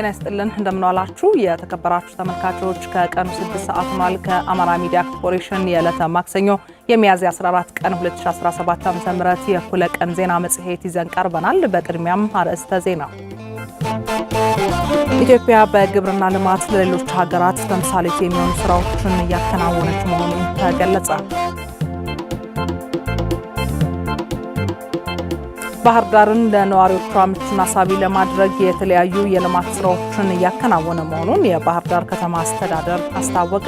ጤና ይስጥልን እንደምንዋላችሁ የተከበራችሁ ተመልካቾች፣ ከቀኑ 6 ሰዓት ማል ከአማራ ሚዲያ ኮርፖሬሽን የዕለተ ማክሰኞ የሚያዝያ 14 ቀን 2017 ም የእኩለ ቀን ዜና መጽሔት ይዘን ቀርበናል። በቅድሚያም አርዕስተ ዜና። ኢትዮጵያ በግብርና ልማት ለሌሎች ሀገራት ተምሳሌት የሚሆኑ ስራዎችን እያከናወነች መሆኑ ተገለጸ። ባህር ዳርን ለነዋሪዎቿ ምቹና ሳቢ ለማድረግ የተለያዩ የልማት ስራዎችን እያከናወነ መሆኑን የባህር ዳር ከተማ አስተዳደር አስታወቀ።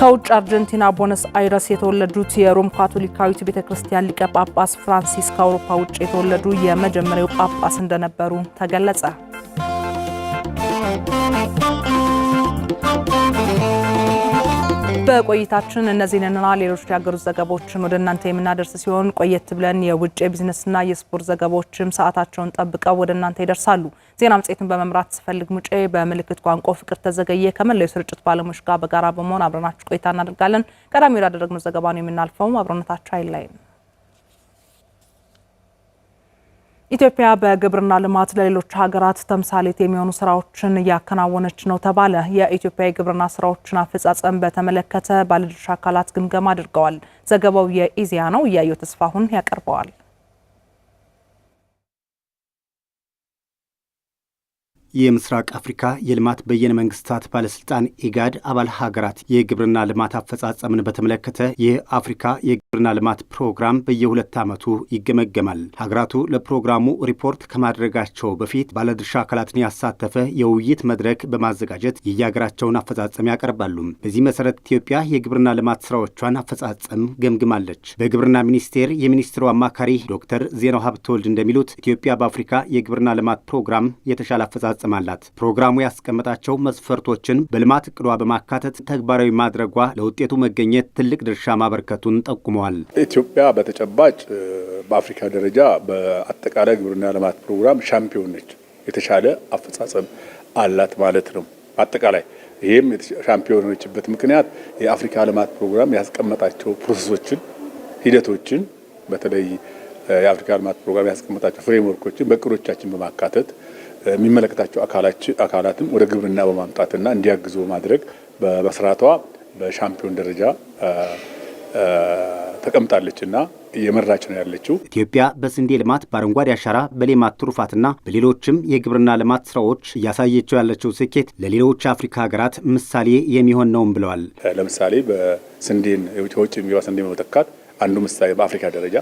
ከውጭ አርጀንቲና ቦነስ አይረስ የተወለዱት የሮም ካቶሊካዊት ቤተ ክርስቲያን ሊቀ ጳጳስ ፍራንሲስ ከአውሮፓ ውጭ የተወለዱ የመጀመሪያው ጳጳስ እንደነበሩ ተገለጸ። በቆይታችን እነዚህንና ሌሎች ያገሩት ዘገባዎችን ወደ እናንተ የምናደርስ ሲሆን ቆየት ብለን የውጭ የቢዝነስና የስፖርት ዘገባዎችም ሰዓታቸውን ጠብቀው ወደ እናንተ ይደርሳሉ። ዜና መጽሔትን በመምራት ስፈልግ ሙጬ፣ በምልክት ቋንቋ ፍቅር ተዘገየ ከመላው የስርጭት ባለሙያዎች ጋር በጋራ በመሆን አብረናችሁ ቆይታ እናደርጋለን። ቀዳሚ ወዳደረግነው ዘገባ ነው የምናልፈው። አብረነታቸው አይላይም። ኢትዮጵያ በግብርና ልማት ለሌሎች ሀገራት ተምሳሌት የሚሆኑ ስራዎችን እያከናወነች ነው ተባለ። የኢትዮጵያ የግብርና ስራዎችን አፈጻጸም በተመለከተ ባለድርሻ አካላት ግምገማ አድርገዋል። ዘገባው የኢዜአ ነው። እያየው ተስፋሁን ያቀርበዋል። የምስራቅ አፍሪካ የልማት በየነ መንግስታት ባለስልጣን ኢጋድ አባል ሀገራት የግብርና ልማት አፈጻጸምን በተመለከተ የአፍሪካ የግብርና ልማት ፕሮግራም በየሁለት ዓመቱ ይገመገማል። ሀገራቱ ለፕሮግራሙ ሪፖርት ከማድረጋቸው በፊት ባለድርሻ አካላትን ያሳተፈ የውይይት መድረክ በማዘጋጀት የየሀገራቸውን አፈጻጸም ያቀርባሉ። በዚህ መሰረት ኢትዮጵያ የግብርና ልማት ስራዎቿን አፈጻጸም ገምግማለች። በግብርና ሚኒስቴር የሚኒስትሩ አማካሪ ዶክተር ዜናው ሀብተወልድ እንደሚሉት ኢትዮጵያ በአፍሪካ የግብርና ልማት ፕሮግራም የተሻለ አፈጻጸም ትፈጽማላት። ፕሮግራሙ ያስቀመጣቸው መስፈርቶችን በልማት እቅዷ በማካተት ተግባራዊ ማድረጓ ለውጤቱ መገኘት ትልቅ ድርሻ ማበርከቱን ጠቁመዋል። ኢትዮጵያ በተጨባጭ በአፍሪካ ደረጃ በአጠቃላይ ግብርና ልማት ፕሮግራም ሻምፒዮን ነች። የተሻለ አፈጻጸም አላት ማለት ነው። አጠቃላይ ይህም ሻምፒዮን የሆነችበት ምክንያት የአፍሪካ ልማት ፕሮግራም ያስቀመጣቸው ፕሮሰሶችን፣ ሂደቶችን በተለይ የአፍሪካ ልማት ፕሮግራም ያስቀመጣቸው ፍሬምወርኮችን በእቅዶቻችን በማካተት የሚመለከታቸው አካላትም ወደ ግብርና በማምጣትና እንዲያግዙ በማድረግ በመስራቷ በሻምፒዮን ደረጃ ተቀምጣለች እና የመራች ነው ያለችው። ኢትዮጵያ በስንዴ ልማት፣ በአረንጓዴ አሻራ፣ በሌማት ትሩፋትና በሌሎችም የግብርና ልማት ስራዎች እያሳየችው ያለችው ስኬት ለሌሎች አፍሪካ ሀገራት ምሳሌ የሚሆን ነውም ብለዋል። ለምሳሌ በስንዴን ከውጭ የሚገባ ስንዴ መተካት አንዱ ምሳሌ በአፍሪካ ደረጃ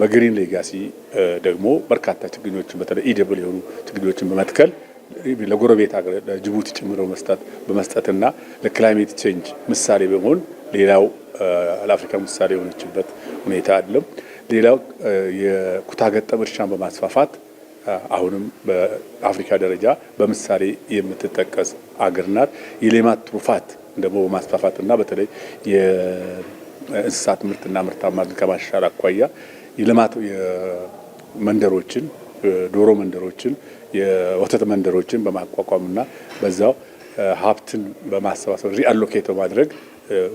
በግሪን ሌጋሲ ደግሞ በርካታ ችግኞችን በተለይ ኢደብል የሆኑ ችግኞችን በመትከል ለጎረቤት ሀገር ለጅቡቲ ጭምሮ መስጠት በመስጠትና ለክላይሜት ቼንጅ ምሳሌ በመሆን ሌላው ለአፍሪካ ምሳሌ የሆነችበት ሁኔታ አለም። ሌላው የኩታ ገጠም እርሻን በማስፋፋት አሁንም በአፍሪካ ደረጃ በምሳሌ የምትጠቀስ አገር ናት። የሌማት ትሩፋት ደግሞ በማስፋፋትና በተለይ የእንስሳት ምርትና ምርታማነትን ከማሻሻል አኳያ የልማት መንደሮችን ዶሮ መንደሮችን የወተት መንደሮችን በማቋቋምና በዛው ሀብትን በማሰባሰብ ሪአሎኬት በማድረግ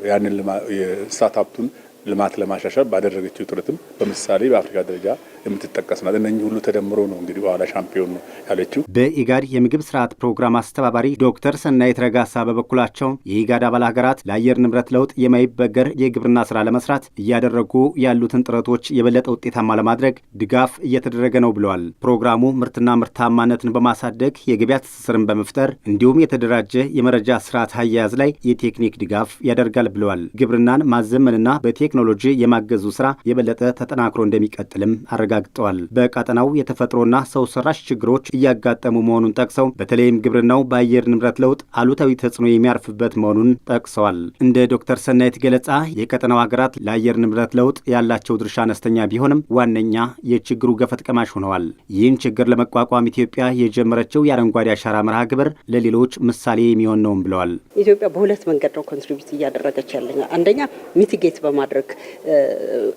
ያንን የእንስሳት ሀብቱን ልማት ለማሻሻል ባደረገችው ጥረትም በምሳሌ በአፍሪካ ደረጃ የምትጠቀስ ናት። እነኚህ ሁሉ ተደምሮ ነው እንግዲህ በኋላ ሻምፒዮን ነው ያለችው። በኢጋድ የምግብ ስርዓት ፕሮግራም አስተባባሪ ዶክተር ሰናይት ረጋሳ በበኩላቸው የኢጋድ አባል ሀገራት ለአየር ንብረት ለውጥ የማይበገር የግብርና ስራ ለመስራት እያደረጉ ያሉትን ጥረቶች የበለጠ ውጤታማ ለማድረግ ድጋፍ እየተደረገ ነው ብለዋል። ፕሮግራሙ ምርትና ምርታማነትን በማሳደግ የገበያ ትስስርን በመፍጠር እንዲሁም የተደራጀ የመረጃ ስርዓት አያያዝ ላይ የቴክኒክ ድጋፍ ያደርጋል ብለዋል። ግብርናን ማዘመንና በቴክኖሎጂ የማገዙ ስራ የበለጠ ተጠናክሮ እንደሚቀጥልም አረጋ አረጋግጠዋል። በቀጠናው የተፈጥሮና ሰው ሰራሽ ችግሮች እያጋጠሙ መሆኑን ጠቅሰው በተለይም ግብርናው በአየር ንብረት ለውጥ አሉታዊ ተጽዕኖ የሚያርፍበት መሆኑን ጠቅሰዋል። እንደ ዶክተር ሰናይት ገለጻ የቀጠናው ሀገራት ለአየር ንብረት ለውጥ ያላቸው ድርሻ አነስተኛ ቢሆንም ዋነኛ የችግሩ ገፈት ቀማሽ ሆነዋል። ይህን ችግር ለመቋቋም ኢትዮጵያ የጀመረችው የአረንጓዴ አሻራ መርሃ ግብር ለሌሎች ምሳሌ የሚሆን ነውም ብለዋል። ኢትዮጵያ በሁለት መንገድ ነው ኮንትሪቢዩት እያደረገች ያለኛል። አንደኛ ሚቲጌት በማድረግ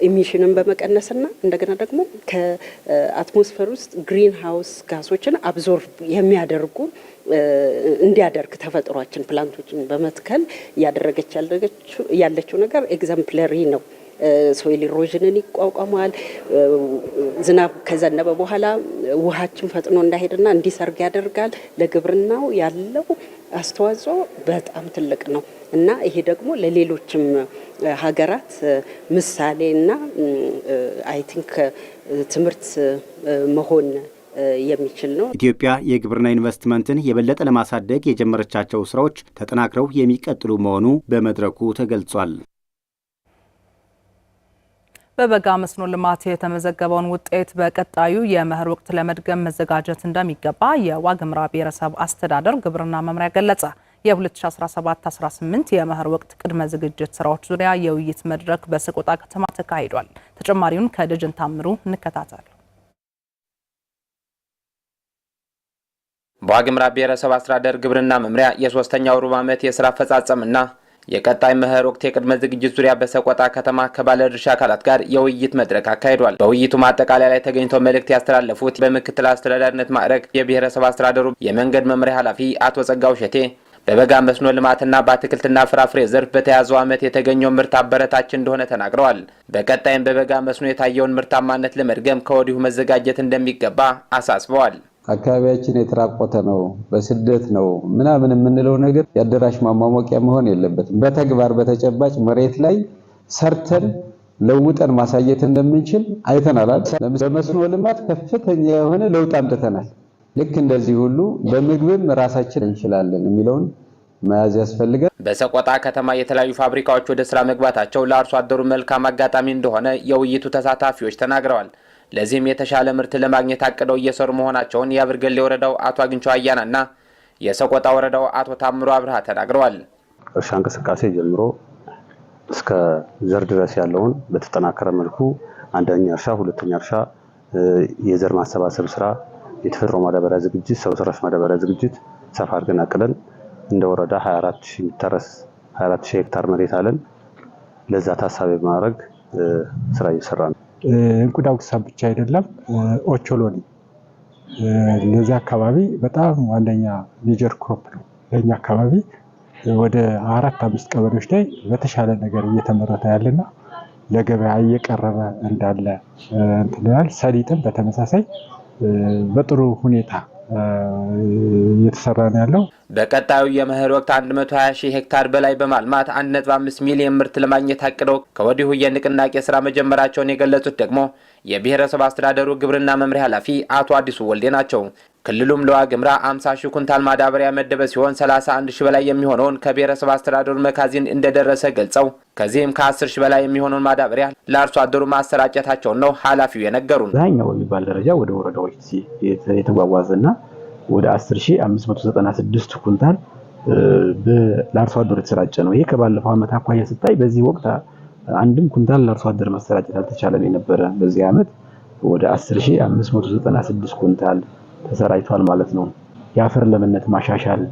ኢሚሽንን በመቀነስና እንደገና ደግሞ ከአትሞስፌር ውስጥ ግሪን ሃውስ ጋሶችን አብዞርቭ የሚያደርጉ እንዲያደርግ ተፈጥሯችን ፕላንቶችን በመትከል እያደረገች ያለችው ነገር ኤግዛምፕለሪ ነው። ሶይል ኢሮዥንን ይቋቋማል። ዝናብ ከዘነበ በኋላ ውሃችን ፈጥኖ እንዳይሄድና እንዲሰርግ ያደርጋል። ለግብርናው ያለው አስተዋጽኦ በጣም ትልቅ ነው እና ይሄ ደግሞ ለሌሎችም ሀገራት ምሳሌና አይ ቲንክ ትምህርት መሆን የሚችል ነው። ኢትዮጵያ የግብርና ኢንቨስትመንትን የበለጠ ለማሳደግ የጀመረቻቸው ስራዎች ተጠናክረው የሚቀጥሉ መሆኑ በመድረኩ ተገልጿል። በበጋ መስኖ ልማት የተመዘገበውን ውጤት በቀጣዩ የመኸር ወቅት ለመድገም መዘጋጀት እንደሚገባ የዋግምራ ብሔረሰብ አስተዳደር ግብርና መምሪያ ገለጸ። የ2017-18 የመኸር ወቅት ቅድመ ዝግጅት ስራዎች ዙሪያ የውይይት መድረክ በሰቆጣ ከተማ ተካሂዷል። ተጨማሪውን ከደጀን ታምሩ እንከታተል። በዋግምራ ብሔረሰብ አስተዳደር ግብርና መምሪያ የሶስተኛው ሩብ ዓመት የስራ አፈጻጸምና የቀጣይ መኸር ወቅት የቅድመ ዝግጅት ዙሪያ በሰቆጣ ከተማ ከባለድርሻ አካላት ጋር የውይይት መድረክ አካሂዷል። በውይይቱ ማጠቃለያ ላይ ተገኝተው መልእክት ያስተላለፉት በምክትል አስተዳዳሪነት ማዕረግ የብሔረሰብ አስተዳደሩ የመንገድ መምሪያ ኃላፊ አቶ ጸጋው ሸቴ በበጋ መስኖ ልማትና በአትክልትና ፍራፍሬ ዘርፍ በተያዘው ዓመት የተገኘው ምርት አበረታች እንደሆነ ተናግረዋል። በቀጣይም በበጋ መስኖ የታየውን ምርታማነት ለመድገም ከወዲሁ መዘጋጀት እንደሚገባ አሳስበዋል። አካባቢያችን የተራቆተ ነው፣ በስደት ነው ምናምን የምንለው ነገር የአዳራሽ ማሟሟቂያ መሆን የለበትም። በተግባር በተጨባጭ መሬት ላይ ሰርተን ለውጠን ማሳየት እንደምንችል አይተናል። በመስኖ ልማት ከፍተኛ የሆነ ለውጥ አምጥተናል። ልክ እንደዚህ ሁሉ በምግብም ራሳችን እንችላለን የሚለውን መያዝ ያስፈልጋል። በሰቆጣ ከተማ የተለያዩ ፋብሪካዎች ወደ ስራ መግባታቸው ለአርሶ አደሩ መልካም አጋጣሚ እንደሆነ የውይይቱ ተሳታፊዎች ተናግረዋል። ለዚህም የተሻለ ምርት ለማግኘት አቅደው እየሰሩ መሆናቸውን የአብርገሌ ወረዳው አቶ አግኝቸው አያና የሰቆጣ ወረዳው አቶ ታምሮ አብርሃ ተናግረዋል። እርሻ እንቅስቃሴ ጀምሮ እስከ ዘር ድረስ ያለውን በተጠናከረ መልኩ አንደኛ እርሻ፣ ሁለተኛ እርሻ፣ የዘር ማሰባሰብ ስራ የተፈጥሮ ማዳበሪያ ዝግጅት፣ ሰው ሰራሽ ማዳበሪያ ዝግጅት ሰፋ አድርገን አቅደን እንደ ወረዳ 24 ሺህ የሚታረስ 24 ሺህ ሄክታር መሬት አለን። ለዛ ታሳቢ በማድረግ ስራ እየሰራ ነው። እንቁዳጉሳ ብቻ አይደለም፣ ኦቾሎኒ እነዚህ አካባቢ በጣም ዋነኛ ሜጀር ክሮፕ ነው ለእኛ አካባቢ ወደ አራት አምስት ቀበሌዎች ላይ በተሻለ ነገር እየተመረተ ያለና ለገበያ እየቀረበ እንዳለ እንትን ሰሊጥን በተመሳሳይ በጥሩ ሁኔታ እየተሰራ ነው ያለው። በቀጣዩ የመኸር ወቅት 120 ሺህ ሄክታር በላይ በማልማት 1.5 ሚሊዮን ምርት ለማግኘት አቅደው ከወዲሁ የንቅናቄ ስራ መጀመራቸውን የገለጹት ደግሞ የብሔረሰብ አስተዳደሩ ግብርና መምሪያ ኃላፊ አቶ አዲሱ ወልዴ ናቸው። ክልሉም ለዋ ግምራ 50 ሺህ ኩንታል ማዳበሪያ መደበ ሲሆን 31 ሺህ በላይ የሚሆነውን ከብሔረሰብ አስተዳደሩ መጋዚን እንደደረሰ ገልጸው ከዚህም ከ10 ሺህ በላይ የሚሆነውን ማዳበሪያ ለአርሶ አደሩ ማሰራጨታቸውን ነው ኃላፊው የነገሩን። ዛኛው በሚባል ደረጃ ወደ ወረዳዎች የተጓጓዘና ወደ 10596 ኩንታል ለአርሶ አደሩ የተሰራጨ ነው። ይሄ ከባለፈው ዓመት አኳያ ስታይ በዚህ ወቅት አንድም ኩንታል ለአርሶ አደር መሰራጨት አልተቻለም የነበረ በዚህ ዓመት ወደ 10596 ኩንታል ተሰራጭቷል ማለት ነው። የአፈር ለምነት ማሻሻል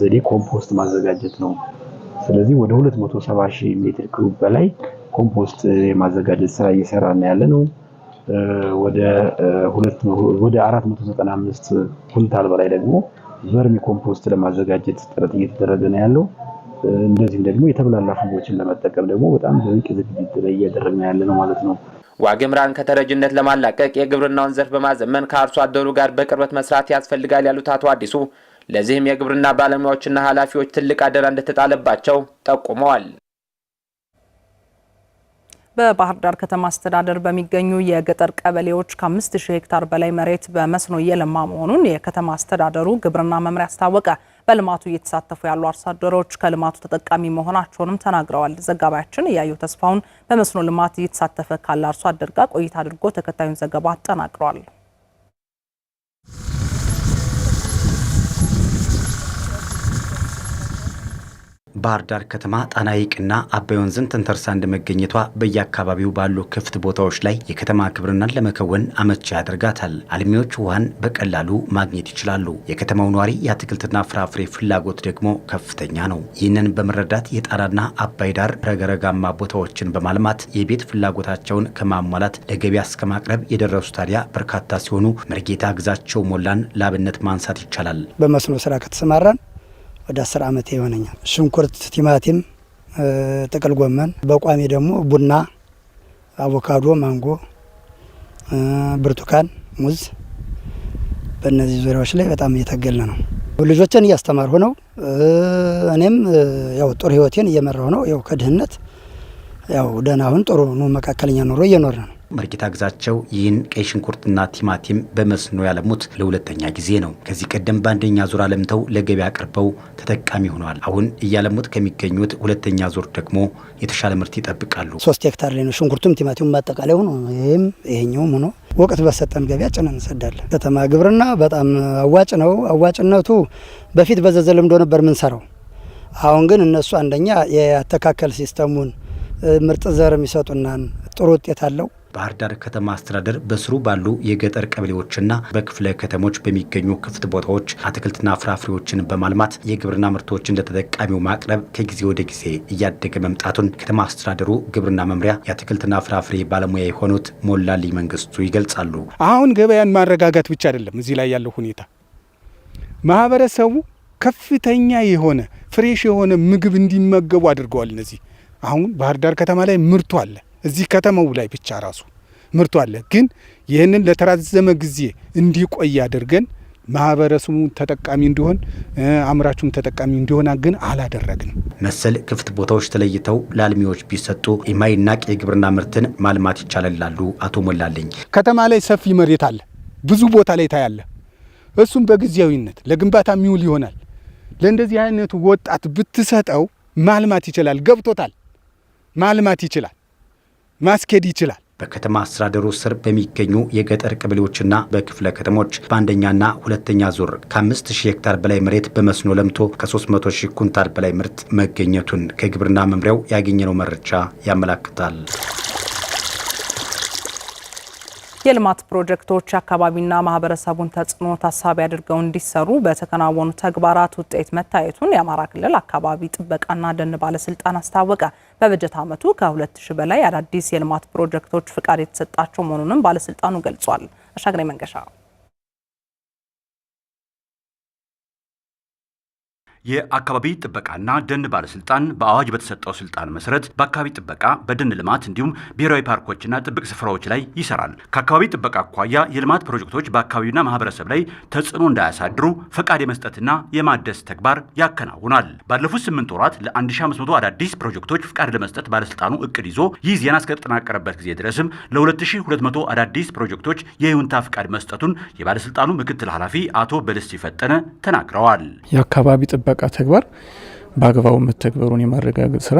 ዘዴ ኮምፖስት ማዘጋጀት ነው። ስለዚህ ወደ 270 ሜትር ክሩብ በላይ ኮምፖስት የማዘጋጀት ስራ እየሰራ ያለ ነው። ወደ 495 ኩንታል በላይ ደግሞ ቨርሚ ኮምፖስት ለማዘጋጀት ጥረት እየተደረገ ነው ያለው። እንደዚህም ደግሞ የተብላላ ምግቦችን ለመጠቀም ደግሞ በጣም በቂ ዝግጅት ላይ እያደረግን ያለ ነው ማለት ነው። ዋግምራን ከተረጅነት ለማላቀቅ የግብርናውን ዘርፍ በማዘመን ከአርሶ አደሩ ጋር በቅርበት መስራት ያስፈልጋል ያሉት አቶ አዲሱ ለዚህም የግብርና ባለሙያዎችና ኃላፊዎች ትልቅ አደራ እንደተጣለባቸው ጠቁመዋል። በባህር ዳር ከተማ አስተዳደር በሚገኙ የገጠር ቀበሌዎች ከ5000 ሄክታር በላይ መሬት በመስኖ እየለማ መሆኑን የከተማ አስተዳደሩ ግብርና መምሪያ አስታወቀ። በልማቱ እየተሳተፉ ያሉ አርሶ አደሮች ከልማቱ ተጠቃሚ መሆናቸውንም ተናግረዋል። ዘጋቢያችን እያየሁ ተስፋውን በመስኖ ልማት እየተሳተፈ ካለ አርሶ አደር ጋር ቆይታ አድርጎ ተከታዩን ዘገባ አጠናቅሯል። ባህር ዳር ከተማ ጣና ሐይቅና አባይ ወንዝን ተንተርሳ እንደመገኘቷ በየአካባቢው ባሉ ክፍት ቦታዎች ላይ የከተማ ክብርናን ለመከወን አመቺ ያደርጋታል። አልሚዎች ውሃን በቀላሉ ማግኘት ይችላሉ። የከተማው ነዋሪ የአትክልትና ፍራፍሬ ፍላጎት ደግሞ ከፍተኛ ነው። ይህንን በመረዳት የጣናና አባይ ዳር ረገረጋማ ቦታዎችን በማልማት የቤት ፍላጎታቸውን ከማሟላት ለገበያ እስከ ማቅረብ የደረሱ ታዲያ በርካታ ሲሆኑ መርጌታ ግዛቸው ሞላን ለአብነት ማንሳት ይቻላል። በመስኖ ስራ ከተሰማራን ወደ አስር ዓመት ይሆነኛል። ሽንኩርት፣ ቲማቲም፣ ጥቅል ጎመን፣ በቋሚ ደግሞ ቡና፣ አቮካዶ፣ ማንጎ፣ ብርቱካን፣ ሙዝ በእነዚህ ዙሪያዎች ላይ በጣም እየተገለ ነው። ልጆችን እያስተማርሁ ነው። እኔም ያው ጥሩ ህይወቴን እየመራሁ ነው። ያው ከድህነት ያው ደህና አሁን ጥሩ መካከለኛ ኑሮ እየኖርን ነው። መርጌታ ግዛቸው ይህን ቀይ ሽንኩርትና ቲማቲም በመስኖ ያለሙት ለሁለተኛ ጊዜ ነው። ከዚህ ቀደም በአንደኛ ዙር አለምተው ለገበያ አቅርበው ተጠቃሚ ሆነዋል። አሁን እያለሙት ከሚገኙት ሁለተኛ ዙር ደግሞ የተሻለ ምርት ይጠብቃሉ። ሶስት ሄክታር ላይ ነው ሽንኩርቱም ቲማቲሙም አጠቃላይ ሆኖ ይህም ይሄኛውም ሆኖ ወቅት በሰጠን ገበያ ጭነን እንሰዳለን። ከተማ ግብርና በጣም አዋጭ ነው። አዋጭነቱ በፊት በዘዘ ልምዶ ነበር ምንሰራው። አሁን ግን እነሱ አንደኛ የአተካከል ሲስተሙን ምርጥ ዘር የሚሰጡናን ጥሩ ውጤት አለው ባህር ዳር ከተማ አስተዳደር በስሩ ባሉ የገጠር ቀበሌዎችና በክፍለ ከተሞች በሚገኙ ክፍት ቦታዎች አትክልትና ፍራፍሬዎችን በማልማት የግብርና ምርቶችን ለተጠቃሚው ማቅረብ ከጊዜ ወደ ጊዜ እያደገ መምጣቱን ከተማ አስተዳደሩ ግብርና መምሪያ የአትክልትና ፍራፍሬ ባለሙያ የሆኑት ሞላልኝ መንግስቱ ይገልጻሉ። አሁን ገበያን ማረጋጋት ብቻ አይደለም፣ እዚህ ላይ ያለው ሁኔታ ማህበረሰቡ ከፍተኛ የሆነ ፍሬሽ የሆነ ምግብ እንዲመገቡ አድርገዋል። እነዚህ አሁን ባህር ዳር ከተማ ላይ ምርቱ አለ። እዚህ ከተማው ላይ ብቻ ራሱ ምርቱ አለ። ግን ይህንን ለተራዘመ ጊዜ እንዲቆይ አድርገን ማህበረሰቡ ተጠቃሚ እንዲሆን አምራቹም ተጠቃሚ እንዲሆን ግን አላደረግንም። መሰል ክፍት ቦታዎች ተለይተው ለአልሚዎች ቢሰጡ የማይናቅ የግብርና ምርትን ማልማት ይቻላል አቶ ሞላለኝ። ከተማ ላይ ሰፊ መሬት አለ፣ ብዙ ቦታ ላይ ታያለ። እሱም በጊዜያዊነት ለግንባታ የሚውል ይሆናል። ለእንደዚህ አይነቱ ወጣት ብትሰጠው ማልማት ይችላል። ገብቶታል፣ ማልማት ይችላል። ማስኬድ ይችላል። በከተማ አስተዳደሩ ስር በሚገኙ የገጠር ቀበሌዎችና በክፍለ ከተሞች በአንደኛና ሁለተኛ ዙር ከ5000 ሄክታር በላይ መሬት በመስኖ ለምቶ ከ300 ሺህ ኩንታል በላይ ምርት መገኘቱን ከግብርና መምሪያው ያገኘነው መረጃ ያመላክታል። የልማት ፕሮጀክቶች አካባቢና ማህበረሰቡን ተጽዕኖ ታሳቢ አድርገው እንዲሰሩ በተከናወኑ ተግባራት ውጤት መታየቱን የአማራ ክልል አካባቢ ጥበቃና ደን ባለስልጣን አስታወቀ። በበጀት ዓመቱ ከ2000 በላይ አዳዲስ የልማት ፕሮጀክቶች ፍቃድ የተሰጣቸው መሆኑንም ባለስልጣኑ ገልጿል። አሻግሬ መንገሻ የአካባቢ ጥበቃና ደን ባለስልጣን በአዋጅ በተሰጠው ስልጣን መሰረት በአካባቢ ጥበቃ፣ በደን ልማት እንዲሁም ብሔራዊ ፓርኮችና ጥብቅ ስፍራዎች ላይ ይሰራል። ከአካባቢ ጥበቃ አኳያ የልማት ፕሮጀክቶች በአካባቢና ማህበረሰብ ላይ ተጽዕኖ እንዳያሳድሩ ፈቃድ የመስጠትና የማደስ ተግባር ያከናውናል። ባለፉት ስምንት ወራት ለ1500 አዳዲስ ፕሮጀክቶች ፍቃድ ለመስጠት ባለስልጣኑ እቅድ ይዞ ይህ ዜና እስከተጠናቀረበት ጊዜ ድረስም ለ2200 አዳዲስ ፕሮጀክቶች የይሁንታ ፍቃድ መስጠቱን የባለስልጣኑ ምክትል ኃላፊ አቶ በልስ ይፈጠነ ተናግረዋል። የአካባቢ ጥበቃ ጥበቃ ተግባር በአግባቡ መተግበሩን የማረጋገጥ ስራ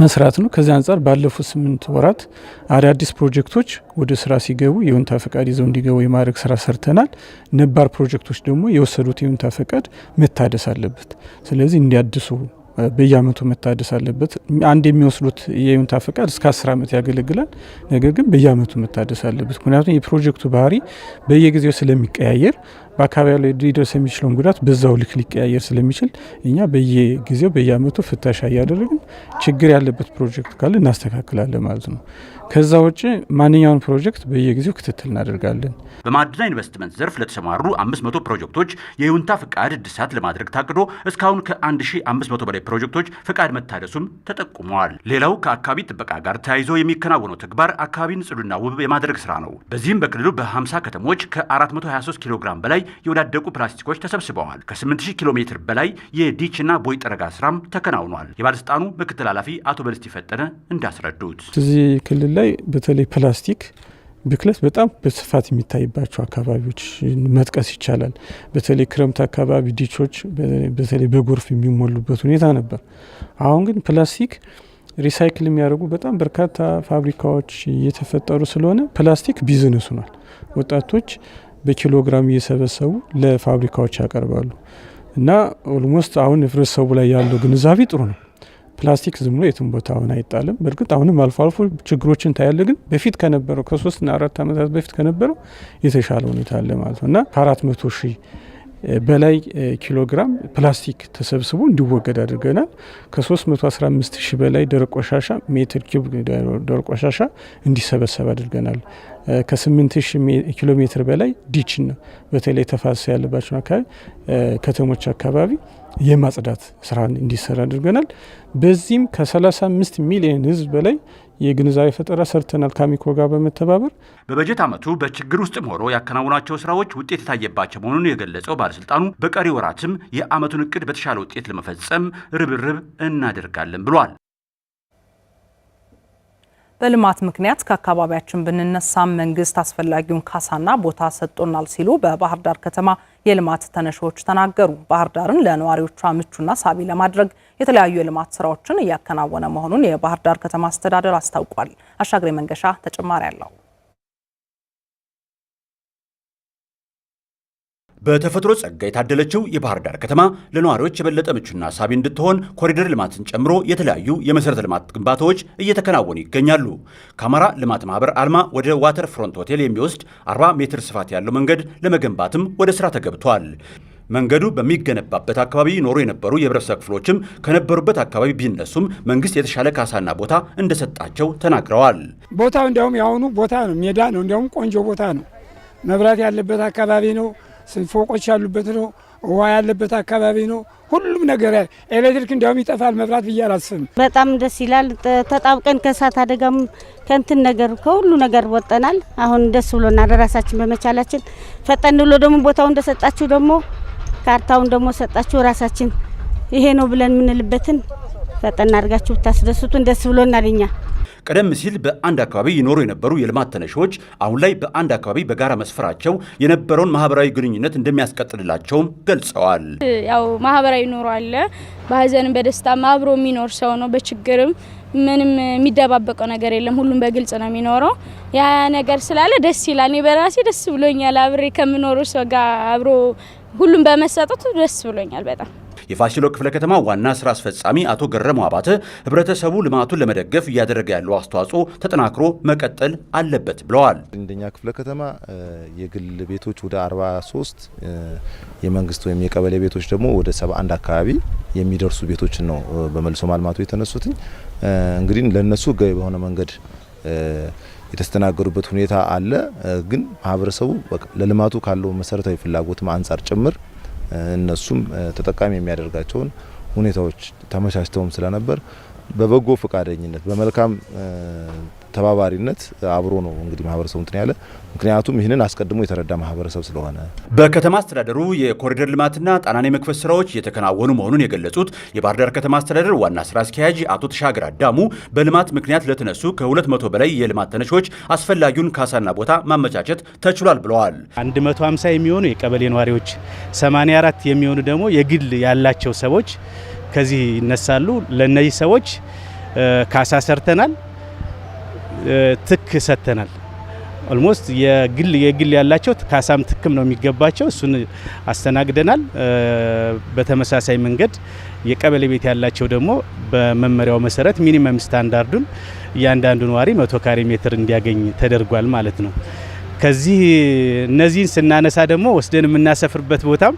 መስራት ነው። ከዚህ አንጻር ባለፉት ስምንት ወራት አዳዲስ ፕሮጀክቶች ወደ ስራ ሲገቡ የይሁንታ ፈቃድ ይዘው እንዲገቡ የማድረግ ስራ ሰርተናል። ነባር ፕሮጀክቶች ደግሞ የወሰዱት የይሁንታ ፈቃድ መታደስ አለበት። ስለዚህ እንዲያድሱ በየአመቱ መታደስ አለበት። አንድ የሚወስዱት የዩንታ ፈቃድ እስከ አስር ዓመት ያገለግላል። ነገር ግን በየአመቱ መታደስ አለበት። ምክንያቱም የፕሮጀክቱ ባህሪ በየጊዜው ስለሚቀያየር በአካባቢ ላይ ሊደርስ የሚችለውን ጉዳት በዛው ልክ ሊቀያየር ስለሚችል እኛ በየጊዜው በየአመቱ ፍተሻ እያደረግን ችግር ያለበት ፕሮጀክት ካለ እናስተካክላለን ማለት ነው። ከዛ ውጭ ማንኛውን ፕሮጀክት በየጊዜው ክትትል እናደርጋለን። በማዕድና ኢንቨስትመንት ዘርፍ ለተሰማሩ 500 ፕሮጀክቶች የይሁንታ ፍቃድ እድሳት ለማድረግ ታቅዶ እስካሁን ከ1500 በላይ ፕሮጀክቶች ፍቃድ መታደሱም ተጠቁመዋል። ሌላው ከአካባቢ ጥበቃ ጋር ተያይዞ የሚከናወነው ተግባር አካባቢን ጽዱና ውብ የማድረግ ስራ ነው። በዚህም በክልሉ በ50 ከተሞች ከ423 ኪሎ ግራም በላይ የወዳደቁ ፕላስቲኮች ተሰብስበዋል። ከ8000 ኪሎ ሜትር በላይ የዲችና ቦይ ጠረጋ ስራም ተከናውኗል። የባለስልጣኑ ምክትል ኃላፊ አቶ በልስቲ ፈጠነ እንዳስረዱት እዚህ ክልል ላይ በተለይ ፕላስቲክ ብክለት በጣም በስፋት የሚታይባቸው አካባቢዎች መጥቀስ ይቻላል። በተለይ ክረምት አካባቢ ዲቾች በተለይ በጎርፍ የሚሞሉበት ሁኔታ ነበር። አሁን ግን ፕላስቲክ ሪሳይክል የሚያደርጉ በጣም በርካታ ፋብሪካዎች እየተፈጠሩ ስለሆነ ፕላስቲክ ቢዝነስ ሆኗል። ወጣቶች በኪሎግራም እየሰበሰቡ ለፋብሪካዎች ያቀርባሉ እና ኦልሞስት አሁን ህብረተሰቡ ላይ ያለው ግንዛቤ ጥሩ ነው። ፕላስቲክ ዝም ብሎ የትም ቦታውን አይጣልም። በእርግጥ አሁንም አልፎ አልፎ ችግሮችን ታያለ፣ ግን በፊት ከነበረው ከሶስትና አራት ዓመታት በፊት ከነበረው የተሻለ ሁኔታ አለ ማለት ነው እና ከአራት መቶ ሺህ በላይ ኪሎግራም ፕላስቲክ ተሰብስቦ እንዲወገድ አድርገናል። ከ315 ሺህ በላይ ደረቅ ቆሻሻ ሜትር ኪዩብ ደረቅ ቆሻሻ እንዲሰበሰብ አድርገናል። ከ8000 ኪሎ ሜትር በላይ ዲችን ነው በተለይ ተፋሰስ ያለባቸው አካባቢ ከተሞች አካባቢ የማጽዳት ስራ እንዲሰራ አድርገናል። በዚህም ከ35 ሚሊዮን ህዝብ በላይ የግንዛቤ ፈጠራ ሰርተናል ከአሚኮ ጋር በመተባበር። በበጀት ዓመቱ በችግር ውስጥም ሆኖ ያከናውናቸው ስራዎች ውጤት የታየባቸው መሆኑን የገለጸው ባለስልጣኑ በቀሪ ወራትም የዓመቱን እቅድ በተሻለ ውጤት ለመፈጸም ርብርብ እናደርጋለን ብሏል። በልማት ምክንያት ከአካባቢያችን ብንነሳም መንግስት አስፈላጊውን ካሳና ቦታ ሰጥቶናል ሲሉ በባህር ዳር ከተማ የልማት ተነሺዎች ተናገሩ። ባህር ዳርን ለነዋሪዎቿ ምቹና ሳቢ ለማድረግ የተለያዩ የልማት ስራዎችን እያከናወነ መሆኑን የባህር ዳር ከተማ አስተዳደር አስታውቋል። አሻግሬ መንገሻ ተጨማሪ አለው። በተፈጥሮ ጸጋ የታደለችው የባህር ዳር ከተማ ለነዋሪዎች የበለጠ ምቹና ሳቢ እንድትሆን ኮሪደር ልማትን ጨምሮ የተለያዩ የመሠረተ ልማት ግንባታዎች እየተከናወኑ ይገኛሉ። ከአማራ ልማት ማህበር አልማ ወደ ዋተር ፍሮንት ሆቴል የሚወስድ 40 ሜትር ስፋት ያለው መንገድ ለመገንባትም ወደ ስራ ተገብቷል። መንገዱ በሚገነባበት አካባቢ ኖሩ የነበሩ የህብረተሰብ ክፍሎችም ከነበሩበት አካባቢ ቢነሱም መንግስት የተሻለ ካሳና ቦታ እንደሰጣቸው ተናግረዋል። ቦታው እንዲያውም የአሁኑ ቦታ ነው፣ ሜዳ ነው። እንዲያውም ቆንጆ ቦታ ነው። መብራት ያለበት አካባቢ ነው። ፎቆች ያሉበት ነው። ውሃ ያለበት አካባቢ ነው። ሁሉም ነገር ኤሌክትሪክ እንዲያውም ይጠፋል መብራት ብዬ አላስብም። በጣም ደስ ይላል። ተጣብቀን ከእሳት አደጋም ከእንትን ነገር ከሁሉ ነገር ወጠናል። አሁን ደስ ብሎናል ራሳችን በመቻላችን። ፈጠን ብሎ ደግሞ ቦታው እንደሰጣችሁ ደግሞ ካርታውን ደግሞ ሰጣችሁ ራሳችን ይሄ ነው ብለን የምንልበትን ፈጠን አድርጋችሁ ብታስደስቱን ደስ ብሎናል እኛ ቀደም ሲል በአንድ አካባቢ ይኖሩ የነበሩ የልማት ተነሺዎች አሁን ላይ በአንድ አካባቢ በጋራ መስፈራቸው የነበረውን ማህበራዊ ግንኙነት እንደሚያስቀጥልላቸውም ገልጸዋል። ያው ማህበራዊ ኑሮ አለ። በሀዘንም በደስታም አብሮ የሚኖር ሰው ነው። በችግርም ምንም የሚደባበቀው ነገር የለም። ሁሉም በግልጽ ነው የሚኖረው። ያ ነገር ስላለ ደስ ይላል። እኔ በራሴ ደስ ብሎኛል። አብሬ ከምኖሩ ሰው ጋር አብሮ ሁሉም በመሰጠቱ ደስ ብሎኛል በጣም የፋሲሎ ክፍለ ከተማ ዋና ስራ አስፈጻሚ አቶ ገረሙ አባተ ህብረተሰቡ ልማቱን ለመደገፍ እያደረገ ያለው አስተዋጽኦ ተጠናክሮ መቀጠል አለበት ብለዋል። እንደኛ ክፍለ ከተማ የግል ቤቶች ወደ 43 የመንግስት ወይም የቀበሌ ቤቶች ደግሞ ወደ 71 አካባቢ የሚደርሱ ቤቶችን ነው በመልሶ ማልማቱ የተነሱትኝ። እንግዲህ ለነሱ ህጋዊ በሆነ መንገድ የተስተናገዱበት ሁኔታ አለ። ግን ማህበረሰቡ ለልማቱ ካለው መሰረታዊ ፍላጎትም አንጻር ጭምር እነሱም ተጠቃሚ የሚያደርጋቸውን ሁኔታዎች ተመቻችተውም ስለነበር በበጎ ፈቃደኝነት በመልካም ተባባሪነት አብሮ ነው እንግዲህ ማህበረሰቡ እንትን ያለ ምክንያቱም ይህንን አስቀድሞ የተረዳ ማህበረሰብ ስለሆነ። በከተማ አስተዳደሩ የኮሪደር ልማትና ጣናን የመክፈት ስራዎች እየተከናወኑ መሆኑን የገለጹት የባህር ዳር ከተማ አስተዳደር ዋና ስራ አስኪያጅ አቶ ተሻገር አዳሙ በልማት ምክንያት ለተነሱ ከ200 በላይ የልማት ተነሾች አስፈላጊውን ካሳና ቦታ ማመቻቸት ተችሏል ብለዋል። 150 የሚሆኑ የቀበሌ ነዋሪዎች፣ 84 የሚሆኑ ደግሞ የግል ያላቸው ሰዎች ከዚህ ይነሳሉ። ለእነዚህ ሰዎች ካሳ ሰርተናል። ትክ ሰጥተናል። ኦልሞስት የግል የግል ያላቸው ካሳም ትክም ነው የሚገባቸው። እሱን አስተናግደናል። በተመሳሳይ መንገድ የቀበሌ ቤት ያላቸው ደግሞ በመመሪያው መሰረት ሚኒመም ስታንዳርዱን እያንዳንዱ ነዋሪ መቶ ካሬ ሜትር እንዲያገኝ ተደርጓል ማለት ነው። ከዚህ እነዚህን ስናነሳ ደግሞ ወስደን የምናሰፍርበት ቦታም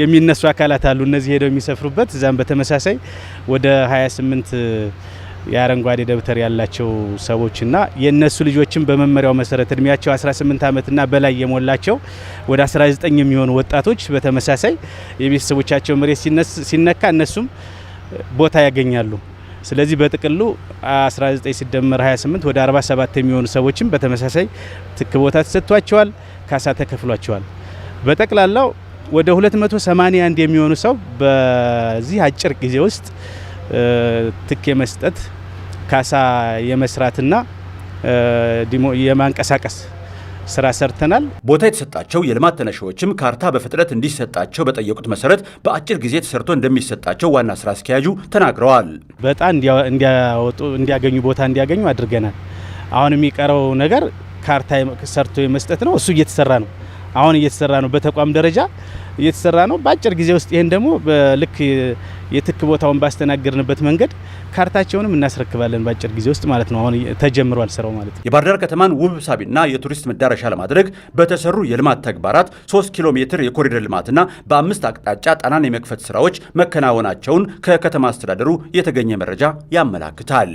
የሚነሱ አካላት አሉ። እነዚህ ሄደው የሚሰፍሩበት እዛም በተመሳሳይ ወደ 28 የአረንጓዴ ደብተር ያላቸው ሰዎችና የእነሱ ልጆችን በመመሪያው መሰረት እድሜያቸው 18 ዓመትና በላይ የሞላቸው ወደ 19 የሚሆኑ ወጣቶች በተመሳሳይ የቤተሰቦቻቸው መሬት ሲነካ እነሱም ቦታ ያገኛሉ። ስለዚህ በጥቅሉ 19 ሲደመር 28 ወደ 47 የሚሆኑ ሰዎችም በተመሳሳይ ትክ ቦታ ተሰጥቷቸዋል፣ ካሳ ተከፍሏቸዋል። በጠቅላላው ወደ 281 የሚሆኑ ሰው በዚህ አጭር ጊዜ ውስጥ ትክ የመስጠት ካሳ የመስራትና የማንቀሳቀስ ስራ ሰርተናል። ቦታ የተሰጣቸው የልማት ተነሻዎችም ካርታ በፍጥነት እንዲሰጣቸው በጠየቁት መሰረት በአጭር ጊዜ ተሰርቶ እንደሚሰጣቸው ዋና ስራ አስኪያጁ ተናግረዋል። በጣም እንዲያወጡ እንዲያገኙ ቦታ እንዲያገኙ አድርገናል። አሁን የሚቀረው ነገር ካርታ ሰርቶ የመስጠት ነው። እሱ እየተሰራ ነው። አሁን እየተሰራ ነው። በተቋም ደረጃ እየተሰራ ነው። በአጭር ጊዜ ውስጥ ይህን ደግሞ ልክ የትክ ቦታውን ባስተናገርንበት መንገድ ካርታቸውንም እናስረክባለን በአጭር ጊዜ ውስጥ ማለት ነው። አሁን ተጀምሯል ስራው ማለት ነው። የባህር ዳር ከተማን ውብ ሳቢና የቱሪስት መዳረሻ ለማድረግ በተሰሩ የልማት ተግባራት ሶስት ኪሎ ሜትር የኮሪደር ልማትና በአምስት አቅጣጫ ጣናን የመክፈት ስራዎች መከናወናቸውን ከከተማ አስተዳደሩ የተገኘ መረጃ ያመላክታል።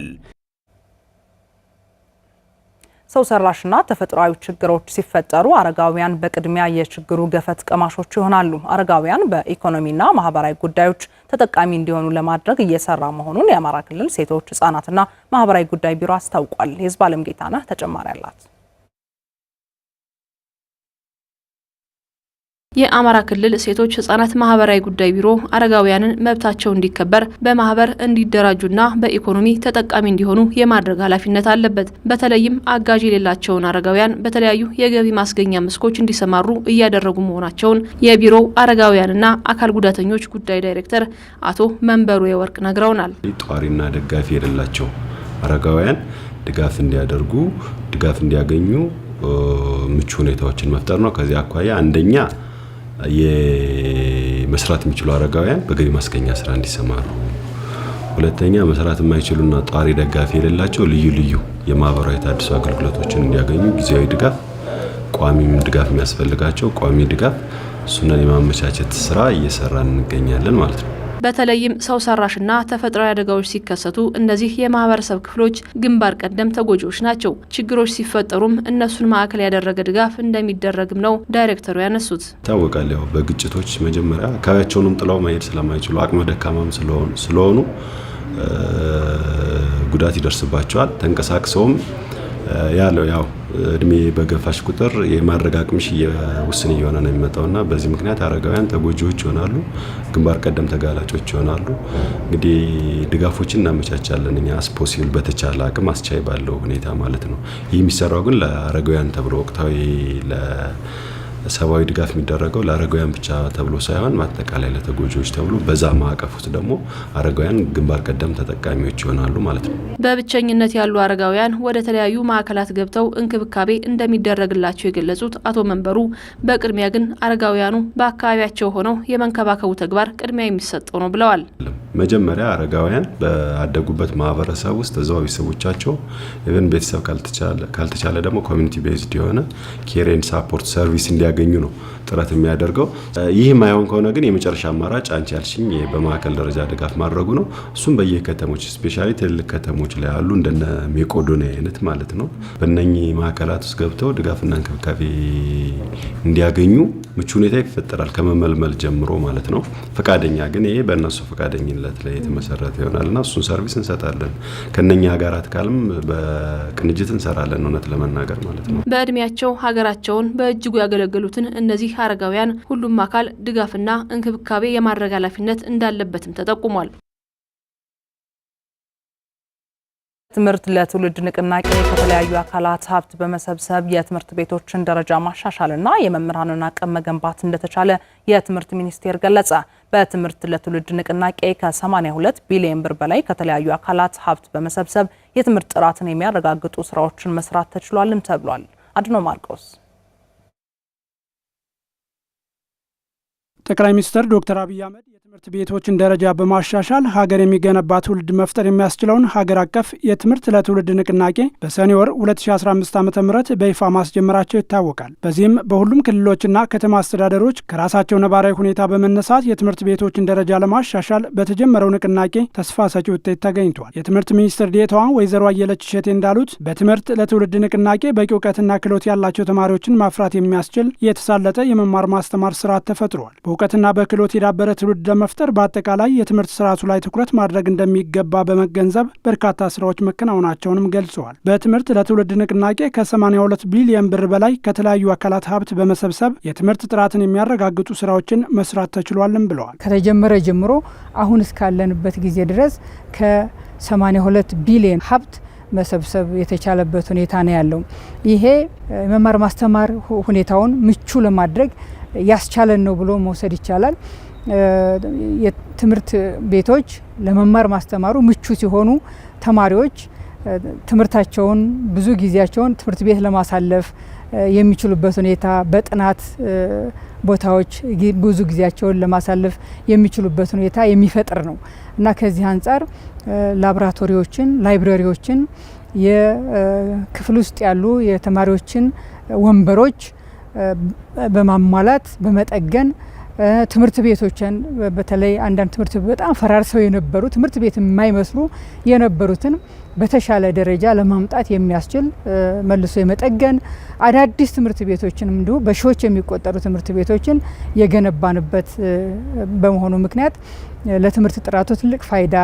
ሰው ሰራሽና ተፈጥሯዊ ችግሮች ሲፈጠሩ አረጋውያን በቅድሚያ የችግሩ ገፈት ቀማሾች ይሆናሉ። አረጋውያን በኢኮኖሚና ማህበራዊ ጉዳዮች ተጠቃሚ እንዲሆኑ ለማድረግ እየሰራ መሆኑን የአማራ ክልል ሴቶች ህጻናትና ማህበራዊ ጉዳይ ቢሮ አስታውቋል። የህዝብ አለም ጌታነህ ተጨማሪ አላት። የአማራ ክልል ሴቶች ህጻናት ማህበራዊ ጉዳይ ቢሮ አረጋውያንን መብታቸው እንዲከበር በማህበር እንዲደራጁና በኢኮኖሚ ተጠቃሚ እንዲሆኑ የማድረግ ኃላፊነት አለበት። በተለይም አጋዥ የሌላቸውን አረጋውያን በተለያዩ የገቢ ማስገኛ መስኮች እንዲሰማሩ እያደረጉ መሆናቸውን የቢሮው አረጋውያንና አካል ጉዳተኞች ጉዳይ ዳይሬክተር አቶ መንበሩ የወርቅ ነግረውናል። ጧሪና ደጋፊ የሌላቸው አረጋውያን ድጋፍ እንዲያደርጉ ድጋፍ እንዲያገኙ ምቹ ሁኔታዎችን መፍጠር ነው። ከዚህ አኳያ አንደኛ መስራት የሚችሉ አረጋውያን በገቢ ማስገኛ ስራ እንዲሰማሩ፣ ሁለተኛ መስራት የማይችሉና ጧሪ ደጋፊ የሌላቸው ልዩ ልዩ የማህበራዊ ተሃድሶ አገልግሎቶችን እንዲያገኙ ጊዜያዊ ድጋፍ፣ ቋሚም ድጋፍ የሚያስፈልጋቸው ቋሚ ድጋፍ እሱን የማመቻቸት ስራ እየሰራን እንገኛለን ማለት ነው። በተለይም ሰው ሰራሽና ተፈጥሯዊ አደጋዎች ሲከሰቱ እነዚህ የማህበረሰብ ክፍሎች ግንባር ቀደም ተጎጂዎች ናቸው። ችግሮች ሲፈጠሩም እነሱን ማዕከል ያደረገ ድጋፍ እንደሚደረግም ነው ዳይሬክተሩ ያነሱት። ይታወቃል ያው በግጭቶች መጀመሪያ አካባቢያቸውንም ጥለው መሄድ ስለማይችሉ አቅመ ደካማም ስለሆኑ ጉዳት ይደርስባቸዋል። ተንቀሳቅሰውም ያለው ያው እድሜ በገፋሽ ቁጥር የማድረግ አቅምሽ ውስን እየሆነ ነው የሚመጣውና በዚህ ምክንያት አረጋውያን ተጎጂዎች ይሆናሉ፣ ግንባር ቀደም ተጋላጮች ይሆናሉ። እንግዲህ ድጋፎችን እናመቻቻለን እኛ ስፖሲብል በተቻለ አቅም አስቻይ ባለው ሁኔታ ማለት ነው። ይህ የሚሰራው ግን ለአረጋውያን ተብሎ ወቅታዊ ሰብአዊ ድጋፍ የሚደረገው ለአረጋውያን ብቻ ተብሎ ሳይሆን ማጠቃላይ ለተጎጂዎች ተብሎ በዛ ማዕቀፍ ውስጥ ደግሞ አረጋውያን ግንባር ቀደም ተጠቃሚዎች ይሆናሉ ማለት ነው። በብቸኝነት ያሉ አረጋውያን ወደ ተለያዩ ማዕከላት ገብተው እንክብካቤ እንደሚደረግላቸው የገለጹት አቶ መንበሩ በቅድሚያ ግን አረጋውያኑ በአካባቢያቸው ሆነው የመንከባከቡ ተግባር ቅድሚያ የሚሰጠው ነው ብለዋል። መጀመሪያ አረጋውያን በአደጉበት ማህበረሰብ ውስጥ እዛው ቤተሰቦቻቸው ኢቨን ቤተሰብ ካልተቻለ ደግሞ ኮሚኒቲ ቤዝድ የሆነ ኬሬን ሳፖርት ሰርቪስ እንዲያ እንዲያገኙ ነው ጥረት የሚያደርገው። ይህ የማይሆን ከሆነ ግን የመጨረሻ አማራጭ አንቺ ያልሽኝ በማዕከል ደረጃ ድጋፍ ማድረጉ ነው። እሱም ከተሞች ስፔሻሊ ትልልቅ ከተሞች ላይ ያሉ እንደነ ሜቄዶኒያ አይነት ማለት ነው። በእነኚህ ማዕከላት ውስጥ ገብተው ድጋፍና እንክብካቤ እንዲያገኙ ምቹ ሁኔታ ይፈጠራል፣ ከመመልመል ጀምሮ ማለት ነው። ፈቃደኛ ግን ይሄ በእነሱ ፈቃደኝነት ላይ የተመሰረተ ይሆናልና እሱን ሰርቪስ እንሰጣለን። ከነኛ ሀገራት ካልም በቅንጅት እንሰራለን፣ እውነት ለመናገር ማለት ነው። በእድሜያቸው ሀገራቸውን በእጅጉ ያገለግሉ ያሉትን እነዚህ አረጋውያን ሁሉም አካል ድጋፍና እንክብካቤ የማድረግ ኃላፊነት እንዳለበትም ተጠቁሟል። ትምህርት ለትውልድ ንቅናቄ ከተለያዩ አካላት ሀብት በመሰብሰብ የትምህርት ቤቶችን ደረጃ ማሻሻልና የመምህራንን አቅም መገንባት እንደተቻለ የትምህርት ሚኒስቴር ገለጸ። በትምህርት ለትውልድ ንቅናቄ ከ82 ቢሊዮን ብር በላይ ከተለያዩ አካላት ሀብት በመሰብሰብ የትምህርት ጥራትን የሚያረጋግጡ ስራዎችን መስራት ተችሏልም ተብሏል። አድኖ ማርቆስ ጠቅላይ ሚኒስትር ዶክተር አብይ አህመድ የትምህርት ቤቶችን ደረጃ በማሻሻል ሀገር የሚገነባ ትውልድ መፍጠር የሚያስችለውን ሀገር አቀፍ የትምህርት ለትውልድ ንቅናቄ በሰኔ ወር 2015 ዓ ም በይፋ ማስጀመራቸው ይታወቃል። በዚህም በሁሉም ክልሎችና ከተማ አስተዳደሮች ከራሳቸው ነባራዊ ሁኔታ በመነሳት የትምህርት ቤቶችን ደረጃ ለማሻሻል በተጀመረው ንቅናቄ ተስፋ ሰጪ ውጤት ተገኝቷል። የትምህርት ሚኒስትር ዴታዋ ወይዘሮ አየለች እሸቴ እንዳሉት በትምህርት ለትውልድ ንቅናቄ በቂ እውቀትና ክህሎት ያላቸው ተማሪዎችን ማፍራት የሚያስችል የተሳለጠ የመማር ማስተማር ስርዓት ተፈጥሯል። በእውቀትና በክህሎት የዳበረ ትውልድ ለመፍጠር በአጠቃላይ የትምህርት ስርዓቱ ላይ ትኩረት ማድረግ እንደሚገባ በመገንዘብ በርካታ ስራዎች መከናወናቸውንም ገልጸዋል። በትምህርት ለትውልድ ንቅናቄ ከ82 ቢሊየን ብር በላይ ከተለያዩ አካላት ሀብት በመሰብሰብ የትምህርት ጥራትን የሚያረጋግጡ ስራዎችን መስራት ተችሏልም ብለዋል። ከተጀመረ ጀምሮ አሁን እስካለንበት ጊዜ ድረስ ከ82 ቢሊየን ሀብት መሰብሰብ የተቻለበት ሁኔታ ነው ያለው። ይሄ የመማር ማስተማር ሁኔታውን ምቹ ለማድረግ ያስቻለን ነው ብሎ መውሰድ ይቻላል። የትምህርት ቤቶች ለመማር ማስተማሩ ምቹ ሲሆኑ ተማሪዎች ትምህርታቸውን ብዙ ጊዜያቸውን ትምህርት ቤት ለማሳለፍ የሚችሉበት ሁኔታ በጥናት ቦታዎች ብዙ ጊዜያቸውን ለማሳለፍ የሚችሉበት ሁኔታ የሚፈጥር ነው እና ከዚህ አንጻር ላብራቶሪዎችን ላይብረሪዎችን፣ የክፍል ውስጥ ያሉ የተማሪዎችን ወንበሮች በማሟላት በመጠገን ትምህርት ቤቶችን በተለይ አንዳንድ ትምህርት በጣም ፈራርሰው የነበሩ ትምህርት ቤት የማይመስሉ የነበሩትን በተሻለ ደረጃ ለማምጣት የሚያስችል መልሶ የመጠገን አዳዲስ ትምህርት ቤቶችንም እንዲሁ በሺዎች የሚቆጠሩ ትምህርት ቤቶችን የገነባንበት በመሆኑ ምክንያት ለትምህርት ጥራቱ ትልቅ ፋይዳ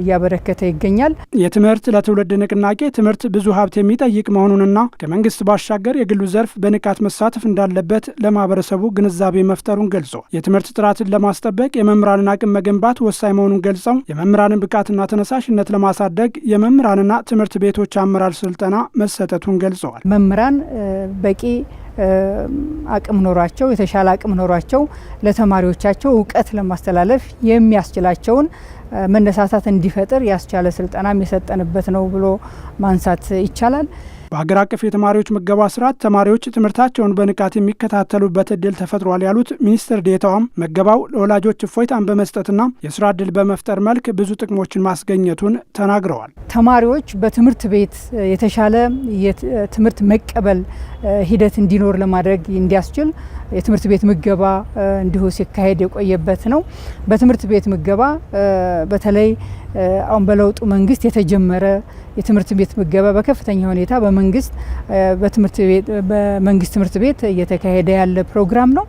እያበረከተ ይገኛል። የትምህርት ለትውልድ ንቅናቄ ትምህርት ብዙ ሀብት የሚጠይቅ መሆኑንና ከመንግስት ባሻገር የግሉ ዘርፍ በንቃት መሳተፍ እንዳለበት ለማህበረሰቡ ግንዛቤ መፍጠሩን ገልጾ የትምህርት ጥራትን ለማስጠበቅ የመምህራንን አቅም መገንባት ወሳኝ መሆኑን ገልጸው የመምህራንን ብቃትና ተነሳሽነት ለማሳደግ የመምህራንና ትምህርት ቤቶች አመራር ስልጠና መሰጠቱን ገልጸዋል። መምህራን በቂ አቅም ኖሯቸው የተሻለ አቅም ኖሯቸው ለተማሪዎቻቸው እውቀት ለማስተላለፍ የሚያስችላቸውን መነሳሳት እንዲፈጥር ያስቻለ ስልጠናም የሰጠንበት ነው ብሎ ማንሳት ይቻላል። በሀገር አቀፍ የተማሪዎች ምገባ ስርዓት ተማሪዎች ትምህርታቸውን በንቃት የሚከታተሉበት እድል ተፈጥሯል ያሉት ሚኒስትር ዴታዋም መገባው ለወላጆች እፎይታን በመስጠትና የስራ እድል በመፍጠር መልክ ብዙ ጥቅሞችን ማስገኘቱን ተናግረዋል። ተማሪዎች በትምህርት ቤት የተሻለ የትምህርት መቀበል ሂደት እንዲኖር ለማድረግ እንዲያስችል የትምህርት ቤት ምገባ እንዲሁ ሲካሄድ የቆየበት ነው። በትምህርት ቤት ምገባ በተለይ አሁን በለውጡ መንግስት የተጀመረ የትምህርት ቤት ምገባ በከፍተኛ ሁኔታ በመንግስት በመንግስት ትምህርት ቤት እየተካሄደ ያለ ፕሮግራም ነው።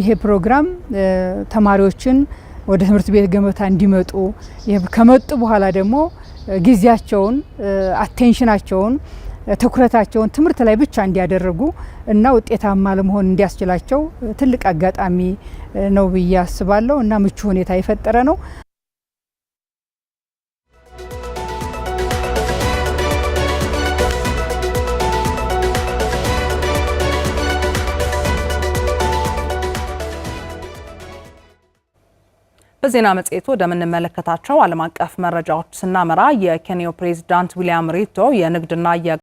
ይሄ ፕሮግራም ተማሪዎችን ወደ ትምህርት ቤት ገበታ እንዲመጡ ከመጡ በኋላ ደግሞ ጊዜያቸውን አቴንሽናቸውን ትኩረታቸውን ትምህርት ላይ ብቻ እንዲያደርጉ እና ውጤታማ ለመሆን እንዲያስችላቸው ትልቅ አጋጣሚ ነው ብዬ አስባለሁ እና ምቹ ሁኔታ የፈጠረ ነው። በዜና መጽሔቱ ወደምንመለከታቸው ዓለም አቀፍ መረጃዎች ስናመራ የኬንያው ፕሬዚዳንት ዊሊያም ሪቶ የንግድና